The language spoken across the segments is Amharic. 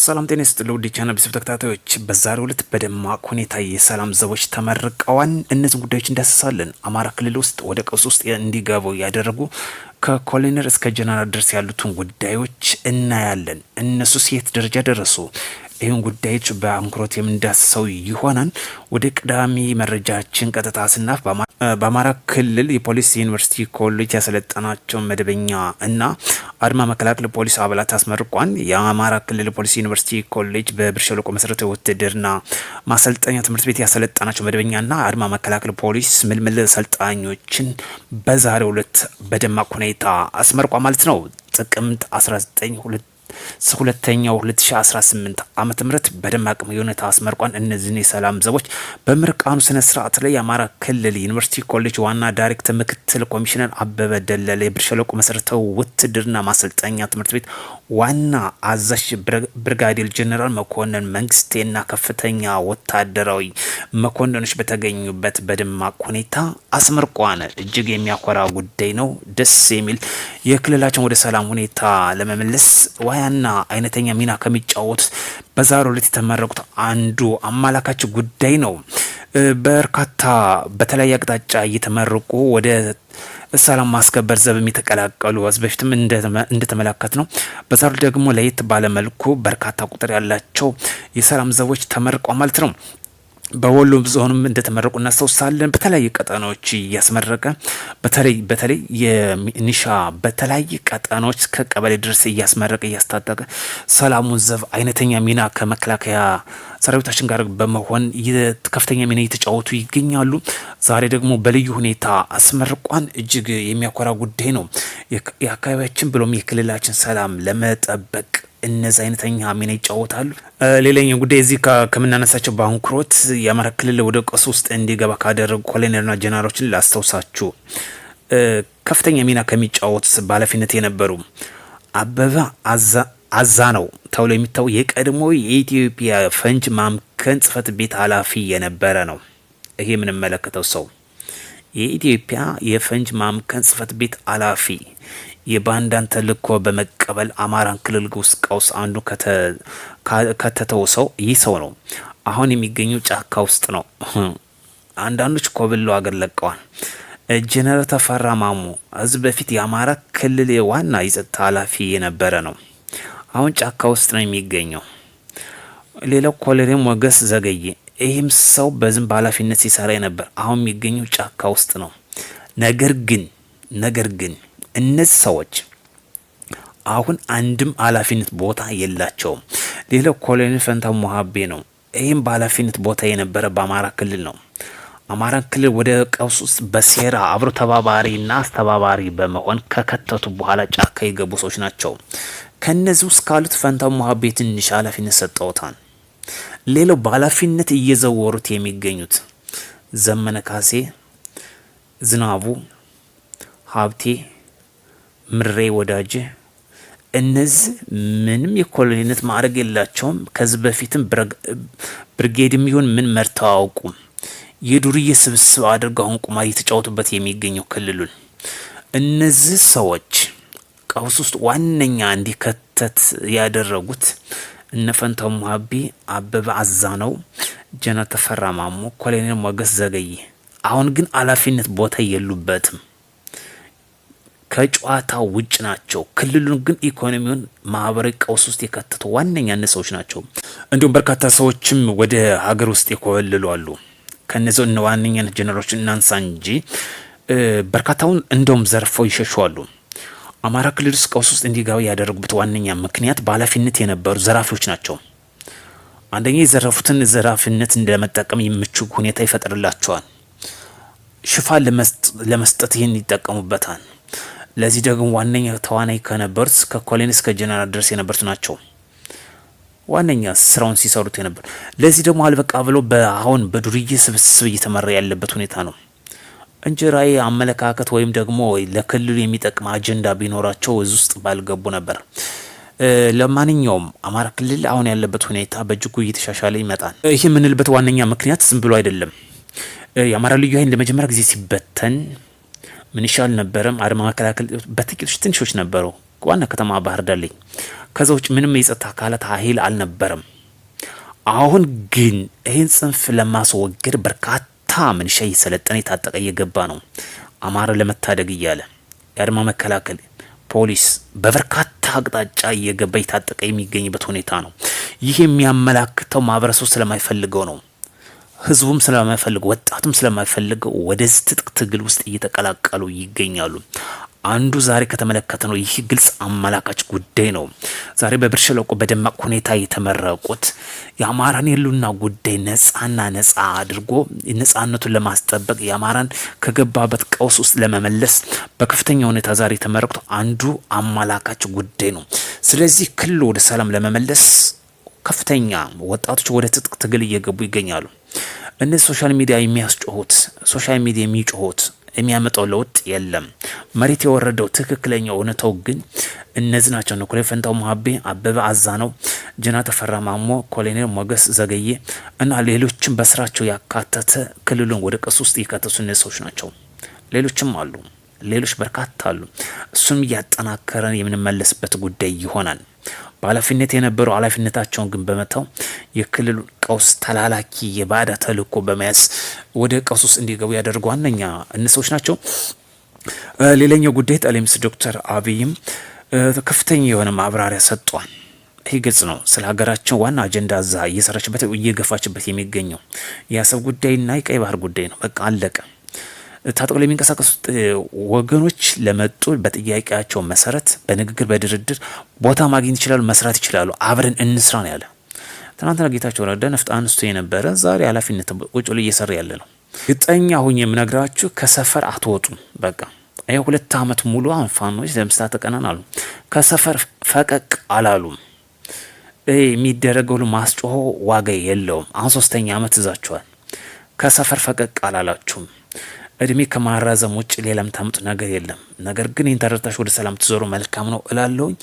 ሰላም ጤና ይስጥ ለውድ የቻናል ቤተሰብ ተከታታዮች፣ በዛሬው ዕለት በደማቅ ሁኔታ የሰላም ዘቦች ተመርቀዋል። እነዚህን ጉዳዮች እንዳስሳለን። አማራ ክልል ውስጥ ወደ ቀውስ ውስጥ እንዲገቡ ያደረጉ ከኮሎኔል እስከ ጀነራል ድረስ ያሉትን ጉዳዮች እናያለን። እነሱ ሴት ደረጃ ደረሱ? ይህን ጉዳዮች በአንክሮት የምንዳስሰው ይሆናል። ወደ ቀዳሚ መረጃችን ቀጥታ ስናፍ በአማራ ክልል የፖሊስ ዩኒቨርሲቲ ኮሌጅ ያሰለጠናቸው መደበኛ እና አድማ መከላከል ፖሊስ አባላት አስመርቋል። የአማራ ክልል ፖሊስ ዩኒቨርሲቲ ኮሌጅ በብር ሸለቆ መሰረታዊ ውትድርና ማሰልጠኛ ትምህርት ቤት ያሰለጠናቸው መደበኛና አድማ መከላከል ፖሊስ ምልምል ሰልጣኞችን በዛሬው ዕለት በደማቅ ሁኔታ አስመርቋ ማለት ነው ጥቅምት 19 ሁለተኛው 2018 ዓ በደማቅ ሁኔታ አስመርቋን። እነዚህን የሰላም ዘቦች በምርቃኑ ስነ ስርዓት ላይ የአማራ ክልል ዩኒቨርሲቲ ኮሌጅ ዋና ዳይሬክተር ምክትል ኮሚሽነር አበበ ደለለ፣ የብር ሸለቆ መሰረታዊ ውትድርና ማሰልጠኛ ትምህርት ቤት ዋና አዛዥ ብርጋዴር ጀኔራል መኮንን መንግስቴና ከፍተኛ ወታደራዊ መኮንኖች በተገኙበት በደማቅ ሁኔታ አስመርቋን። እጅግ የሚያኮራ ጉዳይ ነው። ደስ የሚል የክልላችን ወደ ሰላም ሁኔታ ለመመለስ ሀያና አይነተኛ ሚና ከሚጫወቱት በዛሬው ዕለት የተመረቁት አንዱ አመላካች ጉዳይ ነው። በርካታ በተለያየ አቅጣጫ እየተመረቁ ወደ ሰላም ማስከበር ዘብም የተቀላቀሉ ከዚህ በፊትም እንደተመለከት ነው። በዛሬው ደግሞ ለየት ባለመልኩ በርካታ ቁጥር ያላቸው የሰላም ዘቦች ተመርቋ ማለት ነው። በወሎ ዞንም እንደተመረቁ እናስታውሳለን። በተለያዩ ቀጠናዎች እያስመረቀ በተለይ በተለይ የኒሻ በተለያዩ ቀጠናዎች ከቀበሌ ድረስ እያስመረቀ እያስታጠቀ ሰላሙን ዘብ አይነተኛ ሚና ከመከላከያ ሰራዊታችን ጋር በመሆን ከፍተኛ ሚና እየተጫወቱ ይገኛሉ። ዛሬ ደግሞ በልዩ ሁኔታ አስመርቋን እጅግ የሚያኮራ ጉዳይ ነው። የአካባቢያችን ብሎም የክልላችን ሰላም ለመጠበቅ እነዚህ አይነተኛ ሚና ይጫወታሉ። ሌላኛው ጉዳይ እዚህ ከምናነሳቸው ባንክሮት የአማራ ክልል ወደ ቀውስ ውስጥ እንዲገባ ካደረጉ ኮሎኔልና ጀነራሎችን ላስታውሳችሁ። ከፍተኛ ሚና ከሚጫወቱ በኃላፊነት የነበሩ አበበ አዛ ነው ተብሎ የሚታወ የቀድሞ የኢትዮጵያ ፈንጅ ማምከን ጽህፈት ቤት ኃላፊ የነበረ ነው። ይሄ የምንመለከተው ሰው የኢትዮጵያ የፈንጅ ማምከን ጽህፈት ቤት ኃላፊ የባንዳን ተልእኮ በመቀበል አማራን ክልል ውስጥ ቀውስ አንዱ ከተተው ሰው ይህ ሰው ነው። አሁን የሚገኙ ጫካ ውስጥ ነው። አንዳንዶች ኮብሎ አገር ለቀዋል። ጀነራል ተፈራ ማሞ ህዝብ በፊት የአማራ ክልል ዋና የጸጥታ ኃላፊ የነበረ ነው። አሁን ጫካ ውስጥ ነው የሚገኘው። ሌላው ኮሎኔል ሞገስ ዘገዬ ይህም ሰው በዝም በኃላፊነት ሲሰራ ነበር። አሁን የሚገኘው ጫካ ውስጥ ነው። ነገር ግን ነገር ግን እነዚህ ሰዎች አሁን አንድም ኃላፊነት ቦታ የላቸውም። ሌላው ኮሎኔል ፈንታው ሞሀቤ ነው። ይህም በኃላፊነት ቦታ የነበረ በአማራ ክልል ነው። አማራ ክልል ወደ ቀውስ ውስጥ በሴራ አብሮ ተባባሪና አስተባባሪ በመሆን ከከተቱ በኋላ ጫካ የገቡ ሰዎች ናቸው። ከእነዚህ ውስጥ ካሉት ፈንታው ሞሀቤ ትንሽ ኃላፊነት ሰጠውታል። ሌላው በኃላፊነት እየዘወሩት የሚገኙት ዘመነ ካሴ፣ ዝናቡ ሀብቴ፣ ምሬ ወዳጅ እነዚህ ምንም የኮሎኔልነት ማዕረግ የላቸውም። ከዚህ በፊትም ብርጌድም ይሁን ምን መርተው አያውቁም። የዱርዬ ስብስብ አድርገው አሁን ቁማር እየተጫወቱበት የሚገኘው ክልሉን እነዚህ ሰዎች ቀውስ ውስጥ ዋነኛ እንዲከተት ያደረጉት እነፈንተው ሙሀቢ፣ አበበ አዛ ነው ጀነ ተፈራ ማሞ፣ ኮሎኔል ሞገስ ዘገይ አሁን ግን አላፊነት ቦታ የሉበትም። ከጨዋታ ውጭ ናቸው። ክልሉን ግን ኢኮኖሚውን ማህበራዊ ቀውስ ውስጥ የከተቱ ዋነኛ ሰዎች ናቸው። እንዲሁም በርካታ ሰዎችም ወደ ሀገር ውስጥ የኮበለሉ አሉ። ከነዚ እነ ዋነኛነት ጀነሮች እናንሳ እንጂ በርካታውን እንደውም ዘርፈው ይሸሸዋሉ። አማራ ክልል ውስጥ ቀውስ ውስጥ እንዲገባ ያደረጉበት ዋነኛ ምክንያት በኃላፊነት የነበሩ ዘራፊዎች ናቸው። አንደኛ የዘረፉትን ዘራፊነት እንደመጠቀም የምቹ ሁኔታ ይፈጥርላቸዋል። ሽፋን ለመስጠት ይህን ይጠቀሙበታል። ለዚህ ደግሞ ዋነኛ ተዋናይ ከነበሩት ከኮሎኔል እስከ ጀነራል ድረስ የነበሩት ናቸው። ዋነኛ ስራውን ሲሰሩት የነበር። ለዚህ ደግሞ አልበቃ ብሎ በአሁን በዱርዬ ስብስብ እየተመራ ያለበት ሁኔታ ነው። እንጀራ አመለካከት ወይም ደግሞ ለክልሉ የሚጠቅም አጀንዳ ቢኖራቸው እዚህ ውስጥ ባልገቡ ነበር። ለማንኛውም አማራ ክልል አሁን ያለበት ሁኔታ በእጅጉ እየተሻሻለ ይመጣል። ይህ የምንልበት ዋነኛ ምክንያት ዝም ብሎ አይደለም። የአማራ ልዩ ኃይል ለመጀመሪያ ጊዜ ሲበተን ምንሻ አልነበረም። አድማ መከላከል በጥቂቶች ትንሾች ነበሩ፣ ዋና ከተማ ባህር ዳር ላይ። ከዛ ውጭ ምንም የጸጥታ አካላት ኃይል አልነበረም። አሁን ግን ይህን ጽንፍ ለማስወገድ በርካታ ታምን ሸህ ሰለጠነ የታጠቀ እየገባ ነው አማራ ለመታደግ እያለ የአድማ መከላከል ፖሊስ በበርካታ አቅጣጫ እየገባ የታጠቀ የሚገኝበት ሁኔታ ነው። ይህ የሚያመላክተው ማህበረሰቡ ስለማይፈልገው ነው። ህዝቡም ስለማይፈልገው፣ ወጣቱም ስለማይፈልገው ወደዚህ ትጥቅ ትግል ውስጥ እየተቀላቀሉ ይገኛሉ። አንዱ ዛሬ ከተመለከተ ነው። ይህ ግልጽ አመላካች ጉዳይ ነው። ዛሬ በብር ሸለቆ በደማቅ ሁኔታ የተመረቁት የአማራን የሉና ጉዳይ ነጻና ነጻ አድርጎ ነጻነቱን ለማስጠበቅ የአማራን ከገባበት ቀውስ ውስጥ ለመመለስ በከፍተኛ ሁኔታ ዛሬ የተመረቁት አንዱ አመላካች ጉዳይ ነው። ስለዚህ ክልል ወደ ሰላም ለመመለስ ከፍተኛ ወጣቶች ወደ ትጥቅ ትግል እየገቡ ይገኛሉ። እነዚህ ሶሻል ሚዲያ የሚያስጮሁት ሶሻል ሚዲያ የሚጮሁት የሚያመጣው ለውጥ የለም። መሬት የወረደው ትክክለኛው እውነታው ግን እነዚህ ናቸው። ነው። ኮሌ ፈንታው መሀቤ፣ አበበ አዛ ነው፣ ጅና ተፈራ ማሞ፣ ኮሎኔል ሞገስ ዘገዬ እና ሌሎችም በስራቸው ያካተተ ክልሉን ወደ ቀሱ ውስጥ የከተሱ እነዚህ ሰዎች ናቸው። ሌሎችም አሉ፣ ሌሎች በርካታ አሉ። እሱም እያጠናከረን የምንመለስበት ጉዳይ ይሆናል። በኃላፊነት የነበሩ ኃላፊነታቸውን ግን በመተው የክልሉ ቀውስ ተላላኪ የባዕዳ ተልእኮ በመያዝ ወደ ቀውስ ውስጥ እንዲገቡ ያደርጉ ዋነኛ እንሰዎች ናቸው። ሌላኛው ጉዳይ ጠቅላይ ሚኒስትር ዶክተር አብይም ከፍተኛ የሆነ ማብራሪያ ሰጥቷል። ይህ ግልጽ ነው። ስለ ሀገራችን ዋና አጀንዳ እዛ እየሰራችበት እየገፋችበት የሚገኘው የአሰብ ጉዳይና የቀይ ባህር ጉዳይ ነው። በቃ አለቀ። ታጥቆ ለሚንቀሳቀሱት ወገኖች ለመጡ በጥያቄያቸው መሰረት በንግግር በድርድር ቦታ ማግኘት ይችላሉ፣ መስራት ይችላሉ። አብረን እንስራ ነው ያለ። ትናንትና ጌታቸው ረዳ ነፍጥ አንስቶ የነበረ ዛሬ ኃላፊነት ቁጭ ብሎ እየሰራ ያለ ነው። ግጠኛ አሁን የምነግራችሁ ከሰፈር አትወጡም። በቃ ይህ ሁለት ዓመት ሙሉ አንፋኖች ለምስታ ተቀናን አሉ። ከሰፈር ፈቀቅ አላሉም። የሚደረገው ማስጮሆ ዋጋ የለውም። አሁን ሶስተኛ ዓመት ይዛችኋል። ከሰፈር ፈቀቅ አላላችሁም። እድሜ ከማራዘም ውጭ ሌላም ታምጡ ነገር የለም። ነገር ግን ይህን ተረድታችሁ ወደ ሰላም ትዞሩ መልካም ነው እላለሁኝ።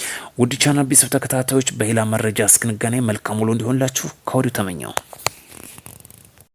ውድ ቻናል ቤተሰብ ተከታታዮች፣ በሌላ መረጃ እስክንገናኝ መልካም ውሎ እንዲሆንላችሁ ከወዲሁ ተመኘው።